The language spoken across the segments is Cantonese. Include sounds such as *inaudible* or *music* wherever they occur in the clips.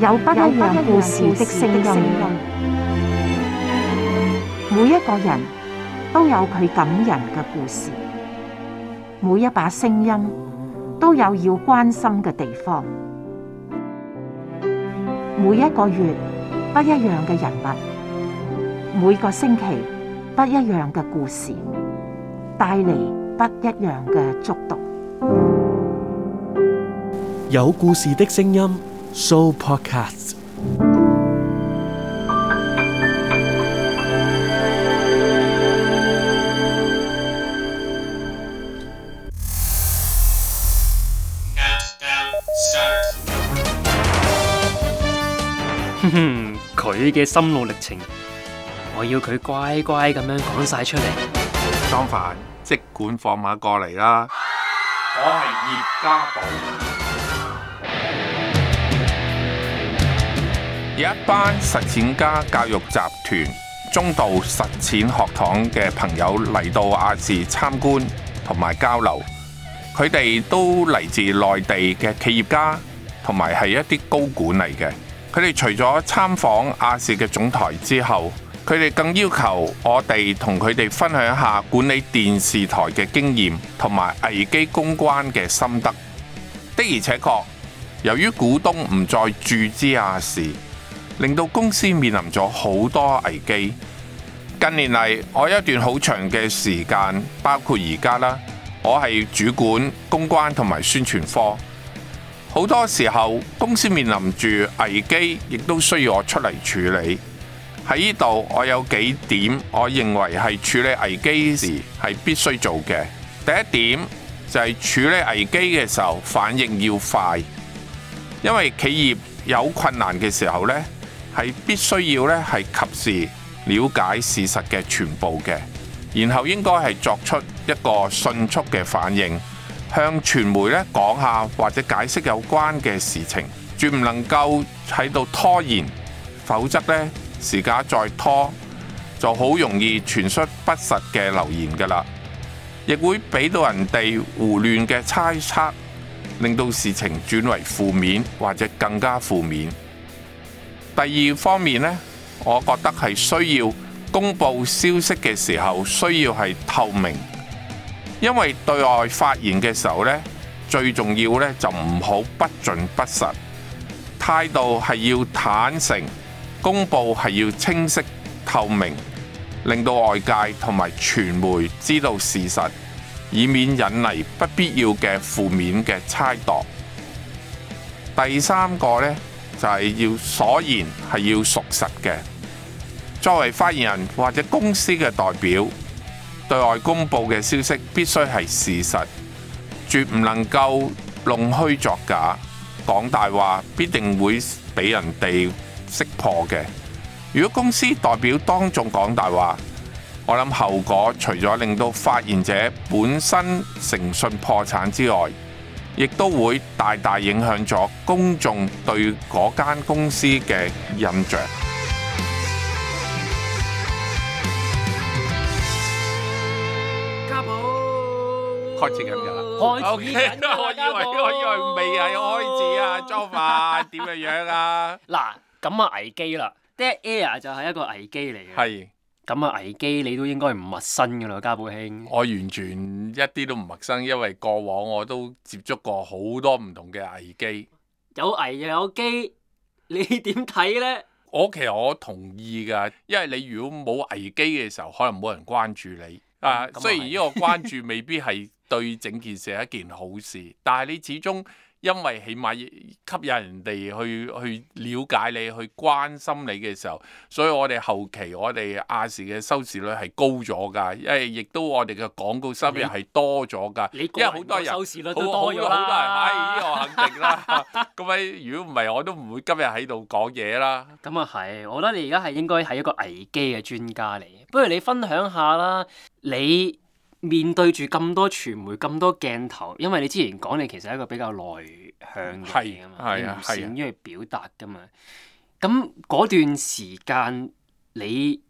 有不一樣故事的聲音，每一個人都有佢感人嘅故事，每一把聲音都有要關心嘅地方，每一個月不一樣嘅人物，每個星期不一樣嘅故事，帶嚟不一樣嘅觸動。有故事的聲音。Show podcast。哼 *noise* 哼，佢嘅 *noise* 心路歷程，我要佢乖乖咁樣講晒出嚟。江凡，即管放馬過嚟啦！我係葉家寶。有一班實踐家教育集團中道實踐學堂嘅朋友嚟到亞視參觀同埋交流，佢哋都嚟自內地嘅企業家，同埋係一啲高管嚟嘅。佢哋除咗參訪亞視嘅總台之後，佢哋更要求我哋同佢哋分享一下管理電視台嘅經驗，同埋危機公關嘅心得。的而且確，由於股東唔再注資亞視。令到公司面臨咗好多危機。近年嚟，我一段好長嘅時間，包括而家啦，我係主管公關同埋宣傳科。好多時候公司面臨住危機，亦都需要我出嚟處理。喺呢度，我有幾點我認為係處理危機時係必須做嘅。第一點就係處理危機嘅時候反應要快，因為企業有困難嘅時候咧。係必須要呢，係及時了解事實嘅全部嘅，然後應該係作出一個迅速嘅反應，向傳媒呢講下或者解釋有關嘅事情，絕唔能夠喺度拖延，否則呢時間再拖就好容易傳出不實嘅留言㗎喇，亦會俾到人哋胡亂嘅猜測，令到事情轉為負面或者更加負面。第二方面呢，我覺得係需要公佈消息嘅時候需要係透明，因為對外發言嘅時候呢，最重要呢就唔好不盡不實，態度係要坦誠，公佈係要清晰透明，令到外界同埋傳媒知道事實，以免引嚟不必要嘅負面嘅猜度。第三個呢。就係要所言係要屬實嘅，作為發言人或者公司嘅代表對外公布嘅消息必須係事實，絕唔能夠弄虛作假。講大話，必定會俾人哋識破嘅。如果公司代表當眾講大話，我諗後果除咗令到發言者本身誠信破產之外。亦都會大大影響咗公眾對嗰間公司嘅印象。開字眼㗎啦！O K，我以為我以為未係開始啊，裝化點嘅樣啊？嗱，咁咪危機啦！The Air 就係一個危機嚟嘅。係。咁啊，危機你都應該唔陌生噶啦，家寶兄。我完全一啲都唔陌生，因為過往我都接觸過好多唔同嘅危機。有危又有機，你點睇呢？我其實我同意㗎，因為你如果冇危機嘅時候，可能冇人關注你啊。嗯、雖然呢個關注未必係對整件事係一件好事， *laughs* 但係你始終。因為起碼吸引人哋去去了解你、去關心你嘅時候，所以我哋後期我哋亞視嘅收視率係高咗㗎，因為亦都我哋嘅廣告收入係多咗㗎，因為好多人收視率都多咗啦。好多人，呢個肯定啦。各位、哎 *laughs* 啊，如果唔係，我都唔會今日喺度講嘢啦。咁啊係，我覺得你而家係應該係一個危機嘅專家嚟，不如你分享下啦，你。面對住咁多傳媒、咁多鏡頭，因為你之前講你其實係一個比較內向嘅人嚟噶嘛，你唔擅於表達噶嘛，咁嗰段時間你。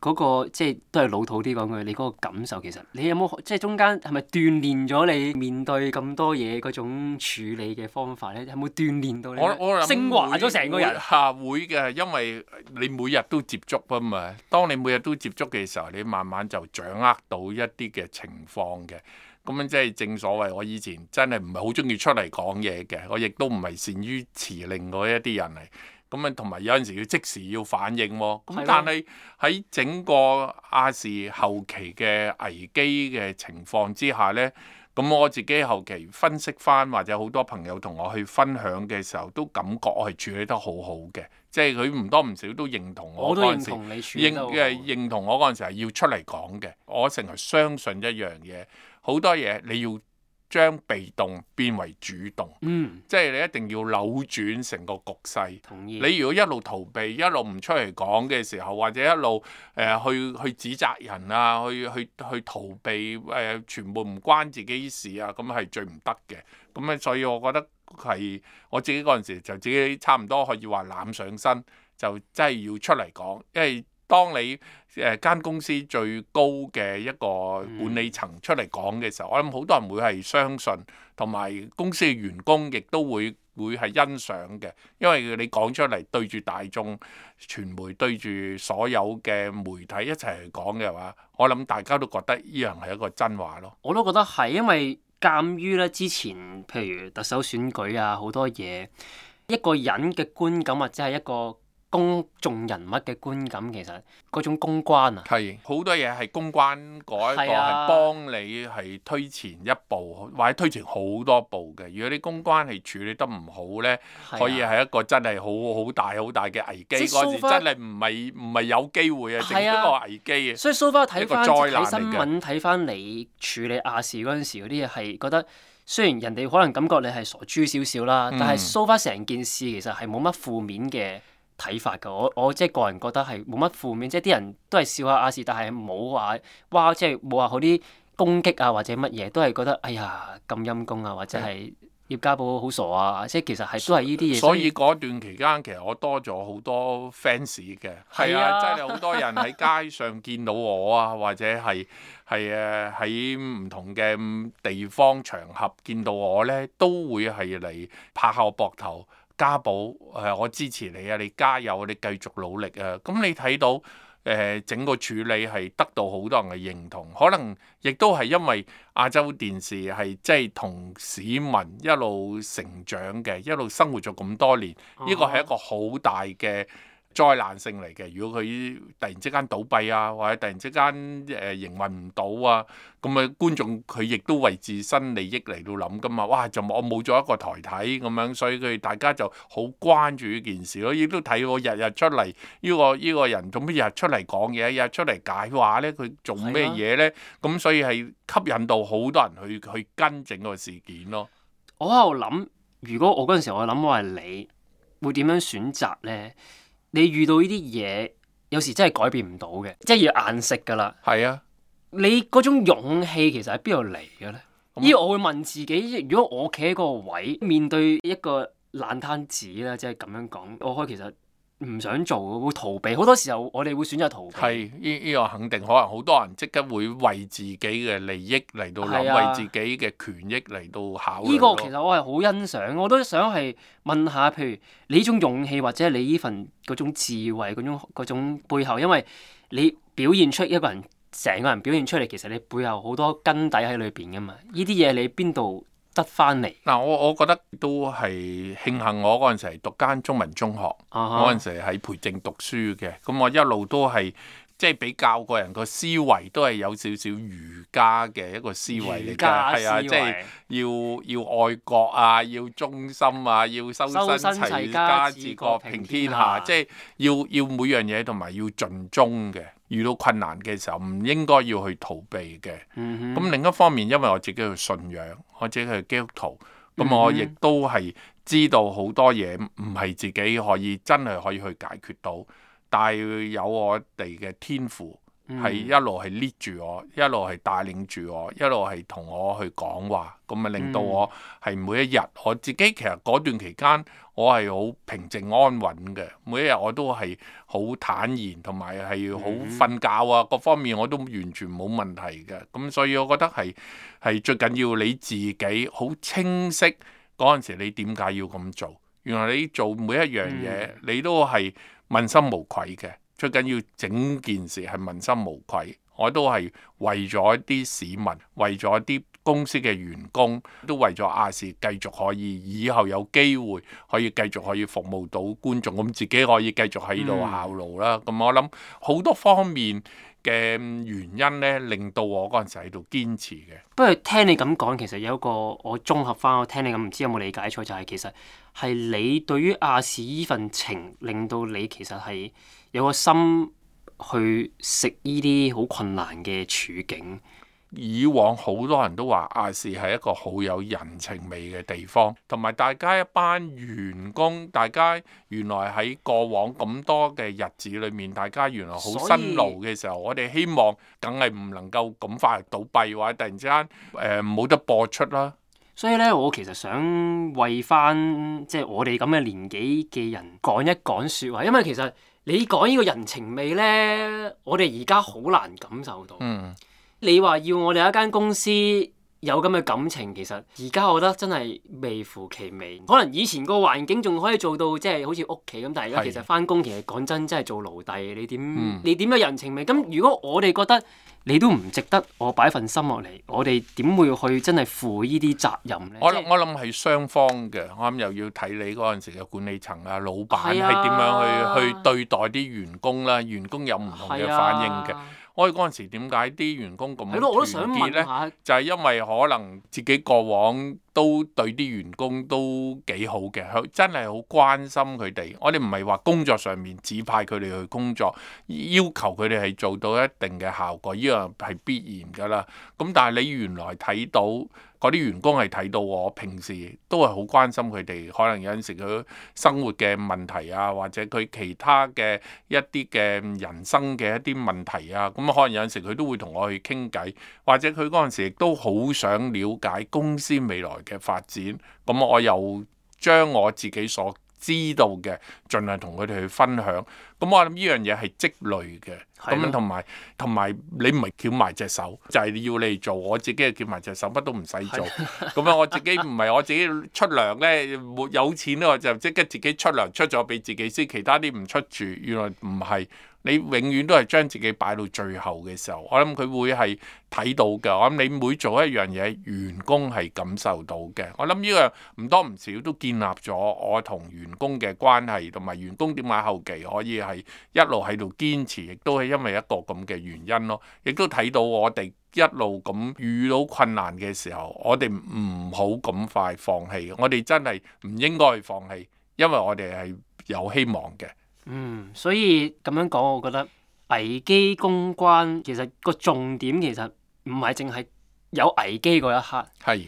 嗰、那個即係都係老土啲講句，你嗰個感受其實，你有冇即係中間係咪鍛鍊咗你面對咁多嘢嗰種處理嘅方法呢？有冇鍛鍊到你？昇華咗成個人？嚇會嘅，因為你每日都接觸啊嘛。當你每日都接觸嘅時候，你慢慢就掌握到一啲嘅情況嘅。咁樣即係正所謂，我以前真係唔係好中意出嚟講嘢嘅，我亦都唔係善於辭令嗰一啲人嚟。咁啊，同埋有陣時要即時要反應喎、哦。咁但係喺整個亞視後期嘅危機嘅情況之下呢，咁我自己後期分析翻，或者好多朋友同我去分享嘅時候，都感覺我係處理得好好嘅。即係佢唔多唔少都認同我嗰陣時，認同認，認同我嗰陣時係要出嚟講嘅。我成日相信一樣嘢，好多嘢你要，將被動變為主動，嗯，即係你一定要扭轉成個局勢。同意。你如果一路逃避，一路唔出嚟講嘅時候，或者一路誒、呃、去去指責人啊，去去去逃避誒、呃，全部唔關自己事啊，咁係最唔得嘅。咁啊，所以我覺得係我自己嗰陣時就自己差唔多可以話攬上身，就真係要出嚟講，因為。當你誒間、呃、公司最高嘅一個管理層出嚟講嘅時候，嗯、我諗好多人會係相信，同埋公司嘅員工亦都會會係欣賞嘅，因為你講出嚟對住大眾、傳媒、對住所有嘅媒體一齊去講嘅話，我諗大家都覺得呢樣係一個真話咯。我都覺得係，因為鑑於呢之前譬如特首選舉啊，好多嘢一個人嘅觀感或者係一個公眾人物嘅觀感，其實嗰種公關啊，係好多嘢係公關，嗰一個係幫你係推前一步，啊、或者推前好多步嘅。如果你公關係處理得唔好咧，啊、可以係一個真係好好大好大嘅危機嗰陣，真係唔係唔係有機會啊，一個危機啊。所以 so far 睇翻睇新聞，睇翻你處理亞視嗰陣時嗰啲嘢，係覺得雖然人哋可能感覺你係傻豬少少啦，但係 so far 成件事其實係冇乜負面嘅。睇法㗎，我我即係個人覺得係冇乜負面，即係啲人都係笑下亞視，但係冇話哇，即係冇話好啲攻擊啊或者乜嘢，都係覺得哎呀咁陰功啊或者係葉家寶好傻啊，即係、欸、其實係都係呢啲嘢。所以嗰段期間，其實我多咗好多 fans 嘅，係啊，啊真係好多人喺街上見到我啊， *laughs* 或者係係誒喺唔同嘅地方場合見到我咧，都會係嚟拍下我膊頭。家寶誒，我支持你啊！你加油，你繼續努力啊！咁你睇到誒、呃、整個處理係得到好多人嘅認同，可能亦都係因為亞洲電視係即係同市民一路成長嘅，一路生活咗咁多年，呢個係一個好大嘅。災難性嚟嘅，如果佢突然之間倒閉啊，或者突然之間誒、呃、營運唔到啊，咁啊觀眾佢亦都為自身利益嚟到諗噶嘛，哇！就我冇咗一個台體咁樣，所以佢大家就好關注呢件事咯，亦都睇我日日出嚟呢個呢個人做乜日出嚟講嘢，日出嚟解話咧，佢做咩嘢咧？咁、啊、所以係吸引到好多人去去跟整個事件咯。我喺度諗，如果我嗰陣時我諗我係你，會點樣選擇咧？你遇到呢啲嘢，有時真係改變唔到嘅，即係要硬食㗎喇。係啊，你嗰種勇氣其實喺邊度嚟嘅咧？依，我會問自己，如果我企喺嗰個位，面對一個爛攤子啦，即係咁樣講，我開其實。唔想做，會逃避。好多時候，我哋會選擇逃避。係呢呢個肯定，可能好多人即刻會為自己嘅利益嚟到諗，啊、為自己嘅權益嚟到考慮。呢個其實我係好欣賞，我都想係問下，譬如你呢種勇氣或者你呢份嗰種智慧、嗰種嗰種背後，因為你表現出一個人成個人表現出嚟，其實你背後好多根底喺裏邊噶嘛。呢啲嘢你邊度？得翻嚟嗱，我我覺得都係慶幸，我嗰陣時係讀間中文中學，我嗰、uh huh. 時係喺培正讀書嘅。咁我一路都係即係比較個人個思維都係有少少儒家嘅一個思維嚟嘅，係啊，即、就、係、係、要要愛國啊，要忠心啊，要修身齊家治國平天下，即係、就係、要要每樣嘢同埋要盡忠嘅。遇到困難嘅時候，唔應該要去逃避嘅。咁、mm hmm. 另一方面，因為我自己嘅信仰或者我自己嘅基督徒，咁我亦都係知道好多嘢唔係自己可以真係可以去解決到，但係有我哋嘅天賦。係一路係 lead 住我，一路係帶領住我，一路係同我去講話，咁咪令到我係每一日、嗯、我自己其實嗰段期間，我係好平靜安穩嘅，每一日我都係好坦然，同埋係好瞓覺啊、嗯、各方面我都完全冇問題嘅，咁所以我覺得係係最緊要你自己好清晰嗰陣時，你點解要咁做？原來你做每一樣嘢，嗯、你都係問心無愧嘅。最緊要整件事係問心無愧，我都係為咗啲市民，為咗啲公司嘅員工，都為咗亞視繼續可以以後有機會可以繼續可以服務到觀眾，咁自己可以繼續喺度效勞啦。咁、嗯、我諗好多方面嘅原因呢，令到我嗰陣時喺度堅持嘅。不過聽你咁講，其實有一個我綜合翻，我聽你咁，唔知有冇理解錯，就係、是、其實係你對於亞視呢份情，令到你其實係。有個心去食呢啲好困難嘅處境，以往好多人都話亞視係一個好有人情味嘅地方，同埋大家一班員工，大家原來喺過往咁多嘅日子裏面，大家原來好辛勞嘅時候，以我哋希望梗係唔能夠咁快倒閉或者突然之間冇得、呃、播出啦。所以呢，我其實想為翻即係我哋咁嘅年紀嘅人講一講説話，因為其實。你講呢個人情味咧，我哋而家好難感受到。嗯、你話要我哋一間公司。有咁嘅感情，其實而家我覺得真係微乎其微。可能以前個環境仲可以做到，即係好似屋企咁，但係而家其實返工，的其實講真，真係做奴隸，你點、嗯、你點有人情味？咁如果我哋覺得你都唔值得我擺份心落嚟，我哋點會去真係負呢啲責任咧想、就是？我我諗係雙方嘅，我諗又要睇你嗰陣時嘅管理層啊、老闆係點樣去的去對待啲員工啦，員工有唔同嘅反應嘅。我哋嗰陣時點解啲員工咁團結咧？就係因為可能自己過往。都對啲員工都幾好嘅，佢真係好關心佢哋。我哋唔係話工作上面指派佢哋去工作，要求佢哋係做到一定嘅效果，呢樣係必然噶啦。咁但係你原來睇到嗰啲員工係睇到我平時都係好關心佢哋，可能有陣時佢生活嘅問題啊，或者佢其他嘅一啲嘅人生嘅一啲問題啊，咁可能有陣時佢都會同我去傾偈，或者佢嗰陣時亦都好想了解公司未來。嘅發展，咁我又將我自己所知道嘅，盡量同佢哋去分享。咁我諗呢樣嘢係積累嘅，咁樣同埋同埋你唔係攪埋隻手，就係、是、要你做。我自己係攪埋隻手，乜都唔使做。咁樣是的 *laughs* 我自己唔係我自己出糧咧，冇有錢我就即刻自己出糧出咗俾自己先，其他啲唔出住。原來唔係，你永遠都係將自己擺到最後嘅時候。我諗佢會係睇到嘅。我諗你每做一樣嘢，員工係感受到嘅。我諗呢樣唔多唔少都建立咗我同員工嘅關係，同埋員工點解後期可以係一路喺度堅持，亦都係因為一個咁嘅原因咯。亦都睇到我哋一路咁遇到困難嘅時候，我哋唔好咁快放棄。我哋真係唔應該放棄，因為我哋係有希望嘅。嗯，所以咁樣講，我覺得危機公關其實個重點其實唔係淨係有危機一刻，係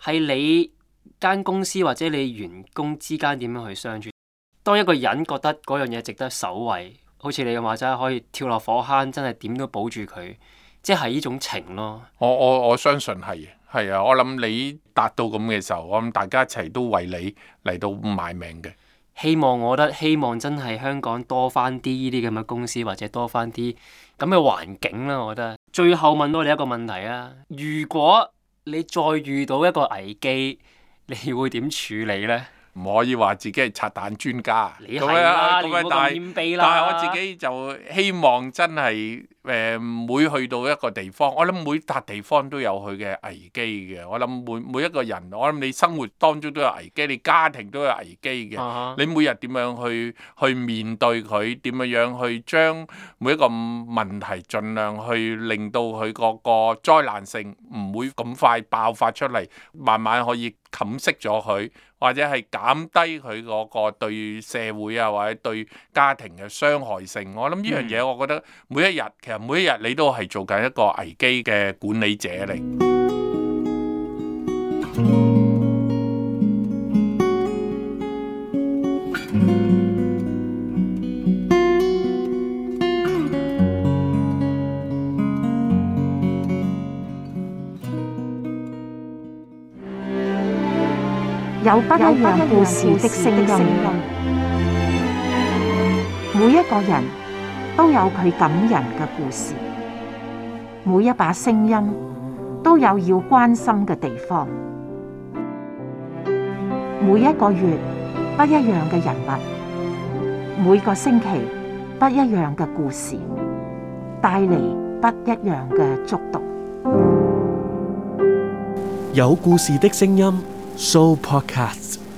係的你間公司或者你員工之間點樣去相處。當一個人覺得嗰樣嘢值得守衛，好似你咁話齋，可以跳落火坑，真係點都保住佢，即係呢種情咯。我我我相信係，係啊！我諗你達到咁嘅時候，我諗大家一齊都為你嚟到賣命嘅。希望我覺得，希望真係香港多翻啲呢啲咁嘅公司，或者多翻啲咁嘅環境啦。我覺得最後問多你一,一個問題啊：如果你再遇到一個危機，你會點處理呢？唔可以話自己係拆彈專家，你係、啊、啦，唔好咁謙卑啦。但係我自己就希望真係。誒，每去到一個地方，我諗每笪地方都有佢嘅危機嘅。我諗每每一個人，我諗你生活當中都有危機，你家庭都有危機嘅。Uh huh. 你每日點樣去去面對佢？點樣樣去將每一個問題盡量去令到佢個災難性唔會咁快爆發出嚟，慢慢可以冚熄咗佢，或者係減低佢個對社會啊或者對家庭嘅傷害性。我諗呢樣嘢，我覺得每一日其實。每一日你都係做緊一個危機嘅管理者嚟。有不一樣故事的聲音，每一個人，都有佢感人嘅故事，每一把聲音都有要關心嘅地方，每一個月不一樣嘅人物，每個星期不一樣嘅故事，帶嚟不一樣嘅觸動。有故事的聲音，Show Podcast。